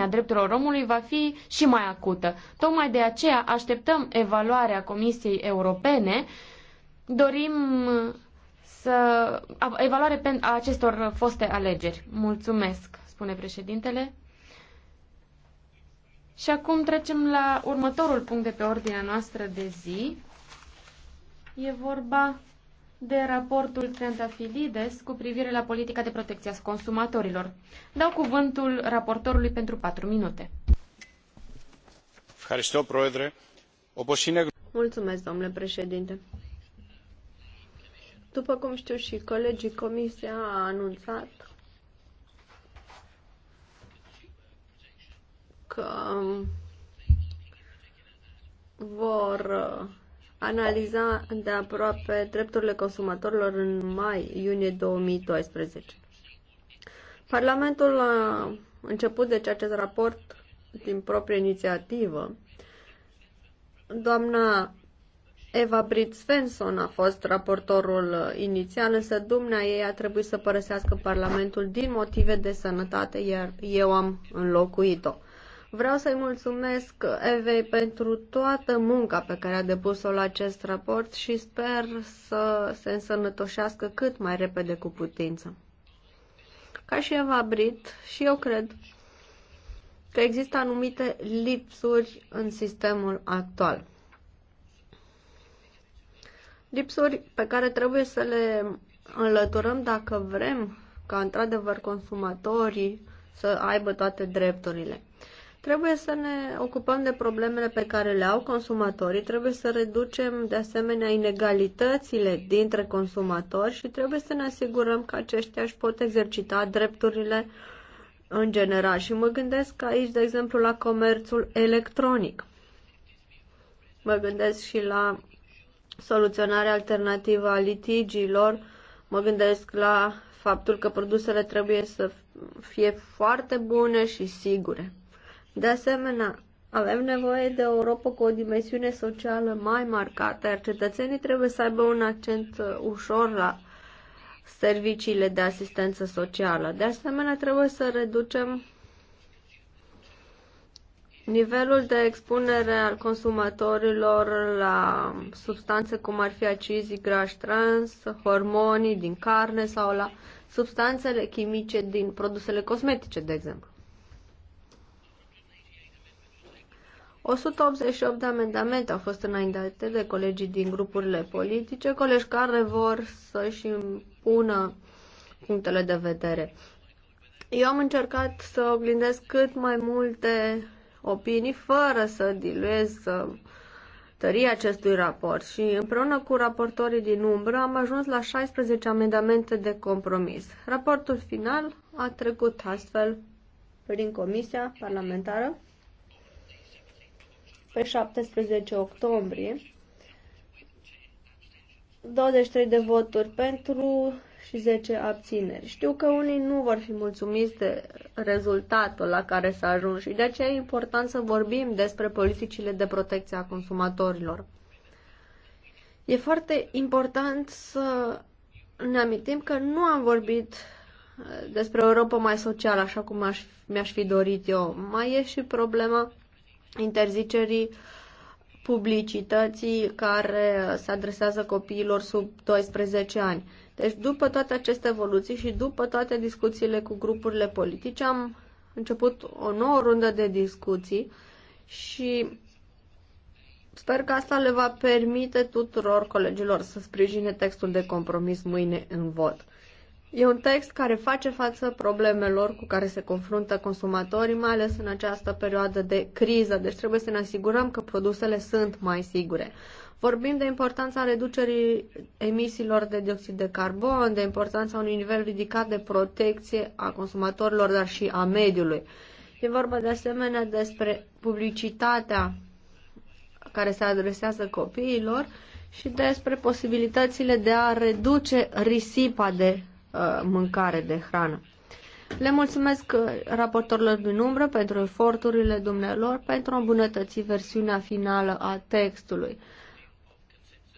atitudine drepturilor omului va fi și mai acută. Tocmai de aceea așteptăm evaluarea Comisiei Europene. Dorim să... evaluare a acestor foste alegeri. Mulțumesc, spune președintele. Și acum trecem la următorul punct de pe ordinea noastră de zi. E vorba de raportul Trentafilides cu privire la politica de protecție a consumatorilor. Dau cuvântul raportorului pentru 4 minute. Mulțumesc, domnule președinte. După cum știu și colegii, Comisia a anunțat că vor analiza de aproape drepturile consumatorilor în mai-iunie 2012. Parlamentul a început deci acest raport din proprie inițiativă. Doamna Eva Brit Svensson a fost raportorul inițial, însă dumnea ei a trebuit să părăsească Parlamentul din motive de sănătate, iar eu am înlocuit-o. Vreau să-i mulțumesc Evei pentru toată munca pe care a depus-o la acest raport și sper să se însănătoșească cât mai repede cu putință. Ca și Eva Brit, și eu cred că există anumite lipsuri în sistemul actual. Lipsuri pe care trebuie să le înlăturăm dacă vrem ca într-adevăr consumatorii să aibă toate drepturile. Trebuie să ne ocupăm de problemele pe care le au consumatorii, trebuie să reducem de asemenea inegalitățile dintre consumatori și trebuie să ne asigurăm că aceștia își pot exercita drepturile în general. Și mă gândesc aici, de exemplu, la comerțul electronic. Mă gândesc și la soluționarea alternativă a litigiilor, mă gândesc la faptul că produsele trebuie să fie foarte bune și sigure. De asemenea, avem nevoie de o Europa cu o dimensiune socială mai marcată, iar cetățenii trebuie să aibă un accent uh, ușor la serviciile de asistență socială. De asemenea, trebuie să reducem nivelul de expunere al consumatorilor la substanțe cum ar fi acizii grași trans, hormonii din carne sau la substanțele chimice din produsele cosmetice, de exemplu. 188 de amendamente au fost înaintate de colegii din grupurile politice, colegi care vor să-și impună punctele de vedere. Eu am încercat să oglindesc cât mai multe opinii fără să diluez tăria acestui raport și împreună cu raportorii din umbră am ajuns la 16 amendamente de compromis. Raportul final a trecut astfel prin Comisia Parlamentară pe 17 octombrie. 23 de voturi pentru și 10 abțineri. Știu că unii nu vor fi mulțumiți de rezultatul la care s-a ajuns și de aceea e important să vorbim despre politicile de protecție a consumatorilor. E foarte important să ne amintim că nu am vorbit uh, despre o Europa mai socială, așa cum aș, mi-aș fi dorit eu. Mai e și problema interzicerii publicității care se adresează copiilor sub 12 ani. Deci după toate aceste evoluții și după toate discuțiile cu grupurile politice am început o nouă rundă de discuții și sper că asta le va permite tuturor colegilor să sprijine textul de compromis mâine în vot. E un text care face față problemelor cu care se confruntă consumatorii, mai ales în această perioadă de criză, deci trebuie să ne asigurăm că produsele sunt mai sigure. Vorbim de importanța reducerii emisiilor de dioxid de carbon, de importanța unui nivel ridicat de protecție a consumatorilor, dar și a mediului. E vorba de asemenea despre publicitatea care se adresează copiilor și despre posibilitățile de a reduce risipa de Uh, mâncare, de hrană. Le mulțumesc uh, raportorilor din umbră pentru eforturile dumnealor pentru a îmbunătăți versiunea finală a textului.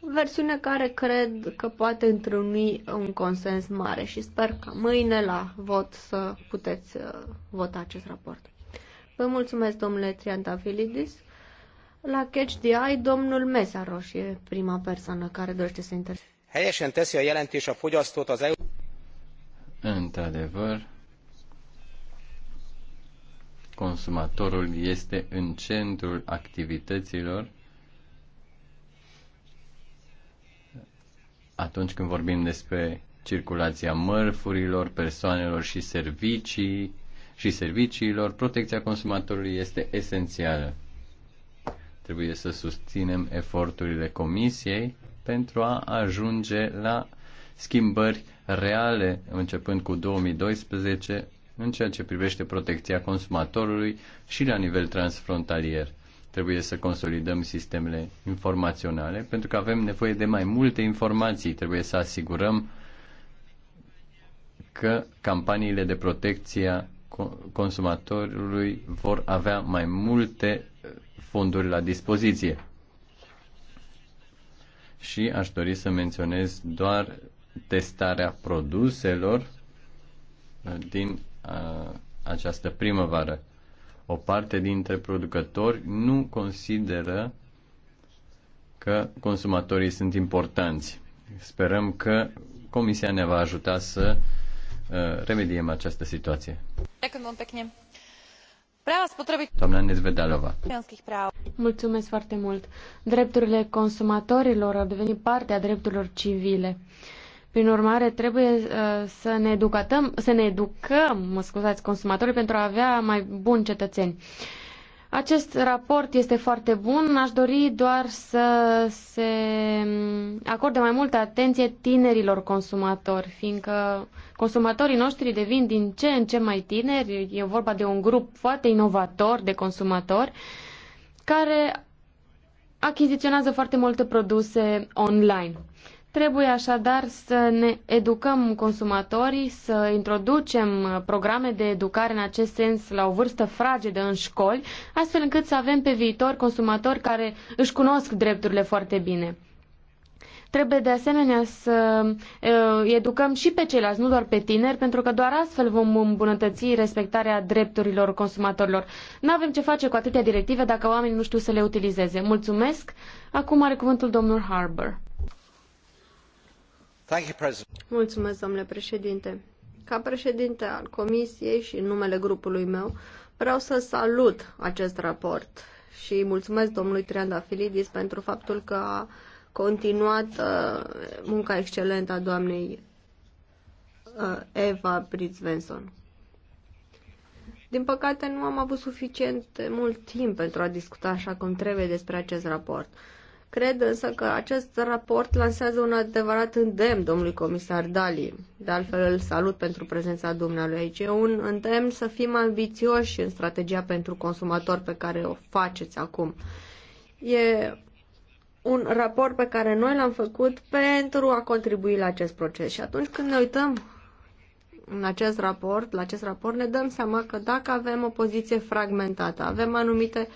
Versiune care cred că poate întruni un consens mare și sper că mâine la vot să puteți uh, vota acest raport. Vă mulțumesc, domnule Triantafilidis. La Catch the Eye, domnul Mesa e prima persoană care dorește să intervină. Helyesen teszi a jelentés a fogyasztót az EU Într-adevăr, consumatorul este în centrul activităților atunci când vorbim despre circulația mărfurilor, persoanelor și servicii și serviciilor, protecția consumatorului este esențială. Trebuie să susținem eforturile comisiei pentru a ajunge la schimbări reale începând cu 2012 în ceea ce privește protecția consumatorului și la nivel transfrontalier. Trebuie să consolidăm sistemele informaționale pentru că avem nevoie de mai multe informații. Trebuie să asigurăm că campaniile de protecție consumatorului vor avea mai multe uh, fonduri la dispoziție. Și aș dori să menționez doar testarea produselor uh, din uh, această primăvară. O parte dintre producători nu consideră că consumatorii sunt importanți. Sperăm că Comisia ne va ajuta să uh, remediem această situație. Doamna Nezvedalova. Mulțumesc foarte mult. Drepturile consumatorilor au devenit parte a drepturilor civile. Prin urmare, trebuie uh, să ne educăm, să ne educăm, mă scuzați, consumatorii pentru a avea mai buni cetățeni. Acest raport este foarte bun. Aș dori doar să se acorde mai multă atenție tinerilor consumatori, fiindcă consumatorii noștri devin din ce în ce mai tineri. E vorba de un grup foarte inovator de consumatori care achiziționează foarte multe produse online. Trebuie așadar să ne educăm consumatorii, să introducem programe de educare în acest sens la o vârstă fragedă în școli, astfel încât să avem pe viitor consumatori care își cunosc drepturile foarte bine. Trebuie de asemenea să educăm și pe ceilalți, nu doar pe tineri, pentru că doar astfel vom îmbunătăți respectarea drepturilor consumatorilor. Nu avem ce face cu atâtea directive dacă oamenii nu știu să le utilizeze. Mulțumesc. Acum are cuvântul domnul Harbour. Mulțumesc, domnule președinte. Ca președinte al Comisiei și în numele grupului meu, vreau să salut acest raport și mulțumesc domnului Triandafilidis pentru faptul că a continuat uh, munca excelentă a doamnei uh, Eva Britzvenson. Din păcate, nu am avut suficient mult timp pentru a discuta așa cum trebuie despre acest raport. Cred însă că acest raport lansează un adevărat îndemn domnului comisar Dali. De altfel îl salut pentru prezența dumnealui aici. E un îndemn să fim ambițioși în strategia pentru consumator pe care o faceți acum. E un raport pe care noi l-am făcut pentru a contribui la acest proces. Și atunci când ne uităm în acest raport, la acest raport, ne dăm seama că dacă avem o poziție fragmentată, avem anumite uh,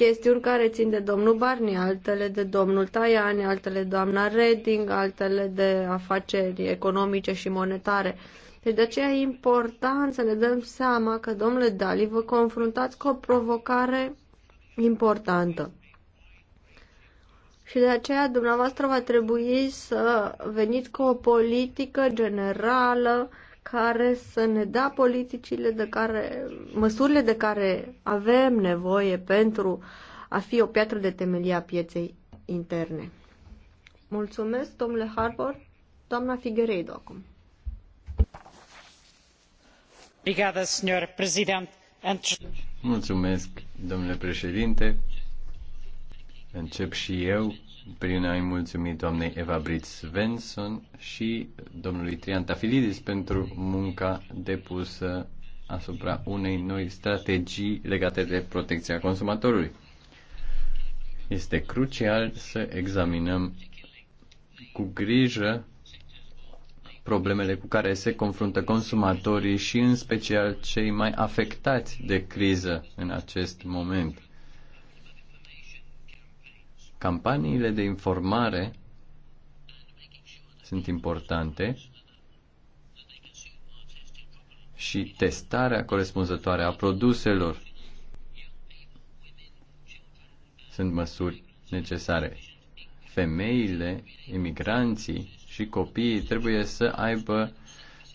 chestiuni care țin de domnul Barney, altele de domnul Tajani, altele de doamna Reding, altele de afaceri economice și monetare. Deci de aceea e important să ne dăm seama că, domnule Dali, vă confruntați cu o provocare importantă. Și de aceea dumneavoastră va trebui să veniți cu o politică generală uh, care să ne dea politicile de care, măsurile de care avem nevoie pentru a fi o piatră de temelie a pieței interne. Mulțumesc, domnule Harbour. Doamna Figueiredo acum. Mulțumesc, domnule președinte. Încep și eu prin a-i mulțumi doamnei Eva Brit Svensson și domnului Trian Tafilidis pentru munca depusă asupra unei noi strategii legate de protecția consumatorului. Este crucial să examinăm cu grijă problemele cu care se confruntă consumatorii și în special cei mai afectați de criză în acest moment Campaniile de informare sunt importante și testarea corespunzătoare a produselor sunt măsuri necesare. Femeile, imigranții și copiii trebuie să aibă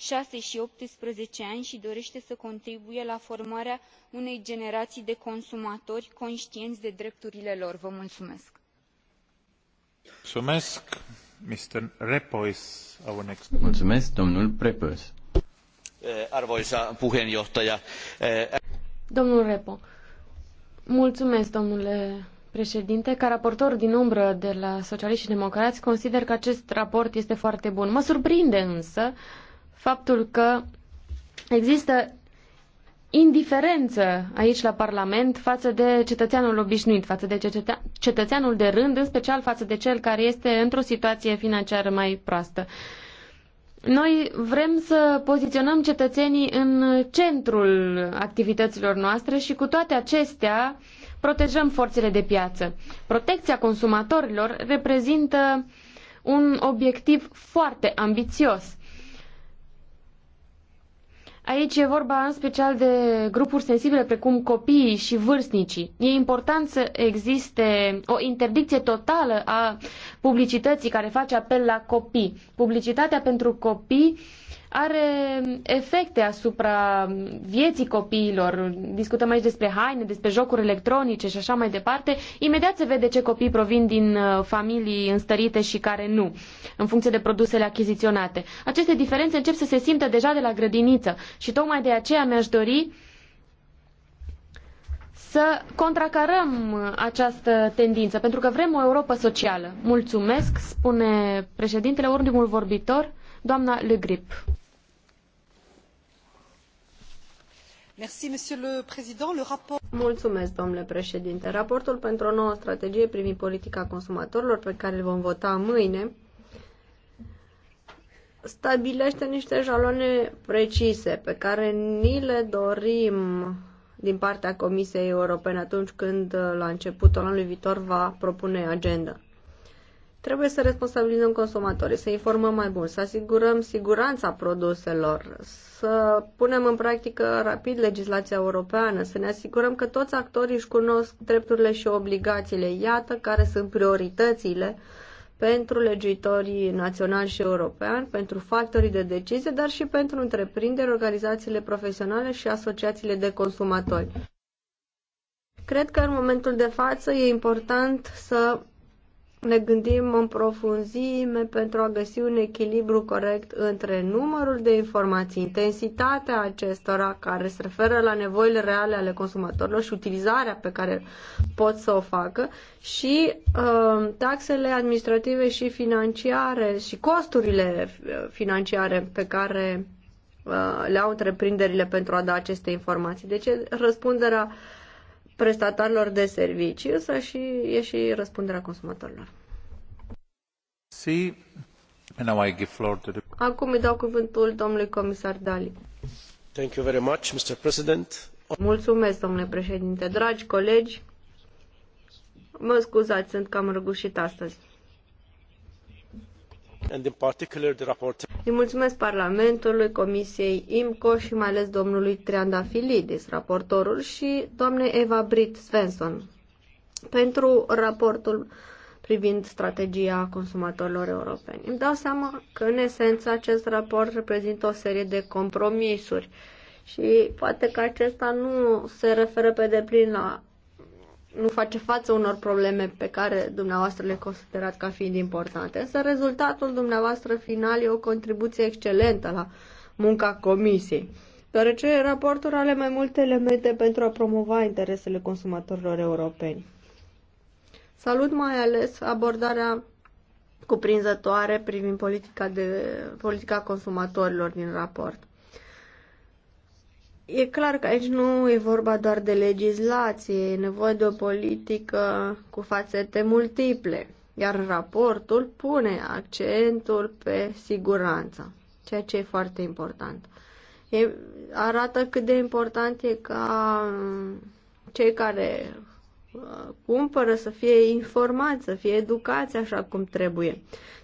șase i optsprezece ani i dorete să contribuie la formarea unei generaii de consumatori contieni de drepturile lor. Eh, arvoisa eh, Mulțumesc, președinte. Ca raportor din umbră de la socialiti i democrai consider că acest raport este foarte bun. Mă surprinde însă faptul că există indiferență aici la Parlament față de cetățeanul obișnuit, față de cetățeanul de rând, în special față de cel care este într-o situație financiară mai proastă. Noi vrem să poziționăm cetățenii în centrul activităților noastre și cu toate acestea protejăm forțele de piață. Protecția consumatorilor reprezintă un obiectiv foarte ambițios Aici e vorba în special de grupuri sensibile precum copiii și vârstnicii. E important să existe o interdicție totală a publicității care face apel la copii. Publicitatea pentru copii are efecte asupra vieții copiilor. Discutăm aici despre haine, despre jocuri electronice și așa mai departe. Imediat se vede ce copii provin din uh, familii înstărite și care nu, în funcție de produsele achiziționate. Aceste diferențe încep să se simtă deja de la grădiniță și tocmai de aceea mi-aș dori să contracarăm această tendință, pentru că vrem o Europa socială. Mulțumesc, spune președintele, ultimul vorbitor, doamna Le Grip. Mulțumesc, domnule președinte. Raportul pentru o nouă strategie privind politica consumatorilor, pe care îl vom vota mâine, stabilește niște jalone precise pe care ni le dorim din partea Comisiei Europene atunci când uh, la începutul anului viitor va propune agenda. Trebuie să responsabilizăm consumatorii, să informăm mai bun, să asigurăm siguranța produselor, să punem în practică rapid legislația europeană, să ne asigurăm că toți actorii își cunosc drepturile și obligațiile. Iată care sunt prioritățile uh, pentru legiuitorii naționali și europeani, pentru factorii de decizie, dar și pentru întreprinderi, organizațiile profesionale și asociațiile de consumatori. Cred că în momentul de față e important să ne gândim în profunzime pentru a găsi un echilibru corect între numărul de informații, intensitatea acestora care se referă la nevoile reale ale consumatorilor și utilizarea pe care pot să o facă și uh, taxele administrative și financiare și costurile uh, financiare pe care uh, le au întreprinderile pentru a da aceste informații. Deci răspunderea uh, prestatarilor de servicii, însă și, e și răspunderea consumatorilor. Si. I Acum îi dau cuvântul domnului comisar Dali. Thank you very much, Mr. President. Mulțumesc, domnule președinte. Dragi colegi, mă scuzați, sunt cam răgușit astăzi. And in particular, the îi mulțumesc Parlamentului, Comisiei IMCO și mai ales domnului Triandafilidis, raportorul, și doamnei Eva Brit Svensson pentru raportul privind strategia consumatorilor europeni. Îmi dau seama că, în esență, acest raport reprezintă o serie de compromisuri și poate că acesta nu se referă pe deplin la nu face față unor probleme pe care dumneavoastră le considerați ca fiind importante. Însă rezultatul dumneavoastră final e o contribuție excelentă la munca comisiei, deoarece raportul are mai multe elemente pentru a promova interesele consumatorilor europeni. Salut mai ales abordarea cuprinzătoare privind politica, de, politica consumatorilor din raport. E clar că aici nu e vorba doar de legislație, e nevoie de o politică cu fațete multiple, iar raportul pune accentul pe siguranța, ceea ce e foarte important. E, arată cât de important e ca cei care uh, cumpără să fie informați, să fie educați așa cum trebuie.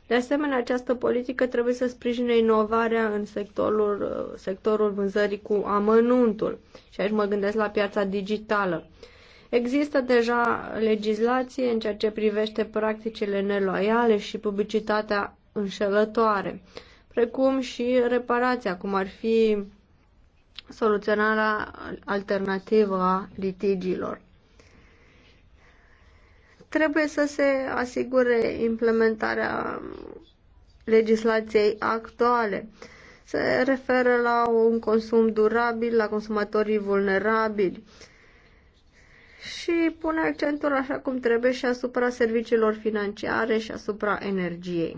De asemenea, această politică trebuie să sprijine inovarea în sectorul, sectorul vânzării cu amănuntul. Și aici mă gândesc la piața digitală. Există deja legislație în ceea ce privește practicile neloiale și publicitatea înșelătoare, precum și reparația, cum ar fi soluționarea alternativă a litigiilor trebuie să se asigure implementarea legislației actuale. Se referă la un consum durabil, la consumatorii vulnerabili și pune accentul așa cum trebuie și asupra serviciilor financiare și asupra energiei.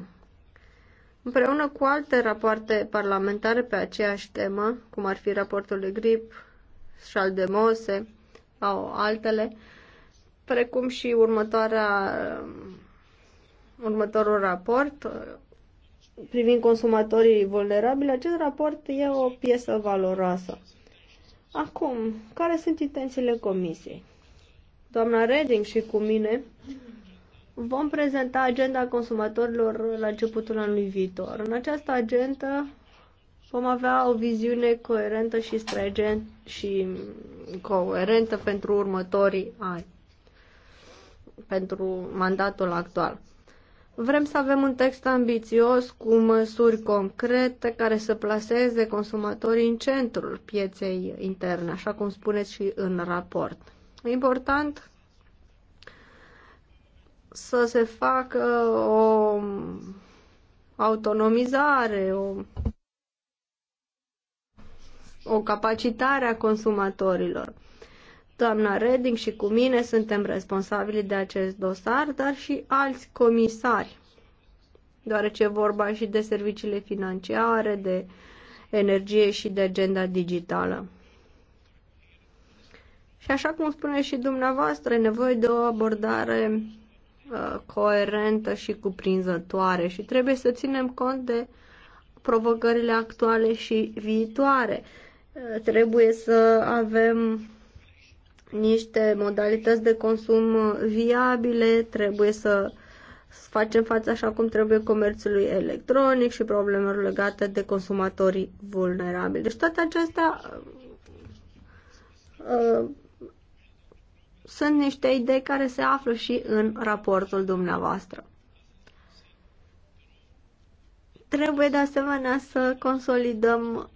Împreună cu alte rapoarte parlamentare pe aceeași temă, cum ar fi raportul de grip, Schaldemose sau altele, precum și următoarea, următorul raport uh, privind consumatorii vulnerabili, acest raport e o piesă valoroasă. Acum, care sunt intențiile comisiei? Doamna Reding și cu mine vom prezenta agenda consumatorilor la începutul anului viitor. În această agenda vom avea o viziune coerentă și stringent și coerentă pentru următorii ani pentru mandatul actual. Vrem să avem un text ambițios cu măsuri concrete care să plaseze consumatorii în centrul pieței interne, așa cum spuneți și în raport. important să se facă o autonomizare, o, o capacitare a consumatorilor. Doamna Reding și cu mine suntem responsabili de acest dosar, dar și alți comisari, deoarece vorba și de serviciile financiare, de energie și de agenda digitală. Și așa cum spune și dumneavoastră, e nevoie de o abordare uh, coerentă și cuprinzătoare și trebuie să ținem cont de provocările actuale și viitoare. Uh, trebuie să avem niște modalități de consum viabile, trebuie să facem față așa cum trebuie comerțului electronic și problemelor legate de consumatorii vulnerabili. Deci toate acestea uh, sunt niște idei care se află și în raportul dumneavoastră. Trebuie de asemenea să consolidăm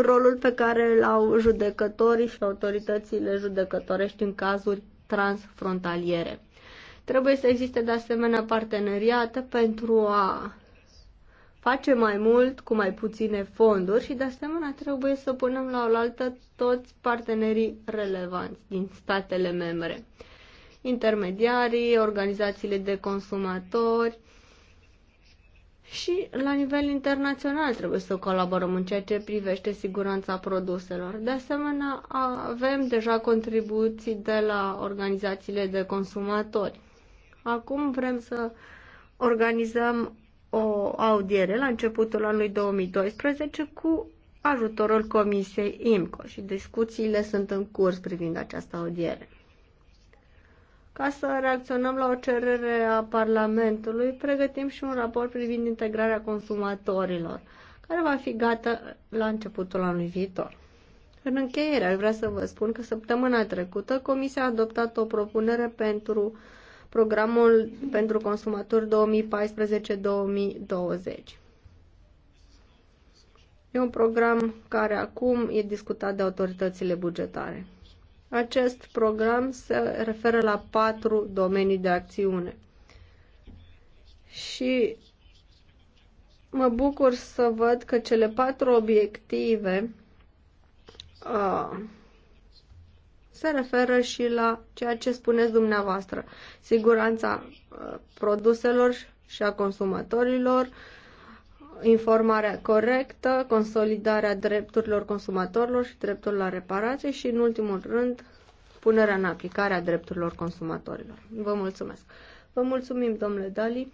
rolul pe care îl au judecătorii și autoritățile judecătorești în cazuri transfrontaliere. Trebuie să existe de asemenea parteneriate pentru a face mai mult cu mai puține fonduri și de asemenea trebuie să punem la oaltă toți partenerii relevanți din statele membre. Intermediarii, organizațiile de consumatori, și la nivel internațional trebuie să colaborăm în ceea ce privește siguranța produselor. De asemenea, avem deja contribuții de la organizațiile de consumatori. Acum vrem să organizăm o audiere la începutul anului 2012 cu ajutorul Comisiei IMCO și discuțiile sunt în curs privind această audiere. Ca să reacționăm la o cerere a Parlamentului, pregătim și un raport privind integrarea consumatorilor, care va fi gata la începutul anului viitor. În încheiere, aș vrea să vă spun că săptămâna trecută Comisia a adoptat o propunere pentru programul pentru consumatori 2014-2020. E un program care acum e discutat de autoritățile bugetare. Acest program se referă la patru domenii de acțiune. Și mă bucur să văd că cele patru obiective uh, se referă și la ceea ce spuneți dumneavoastră. Siguranța uh, produselor și a consumatorilor, uh, informarea corectă, consolidarea drepturilor consumatorilor și dreptul la reparație și, în ultimul rând, punerea în aplicare a drepturilor consumatorilor. Vă mulțumesc. Vă mulțumim, domnule Dali.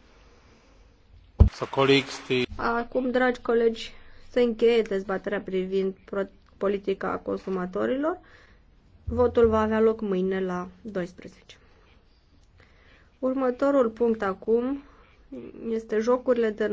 Acum, dragi colegi, se încheie dezbaterea privind politica consumatorilor. Votul va avea loc mâine la 12. Următorul punct acum este jocurile de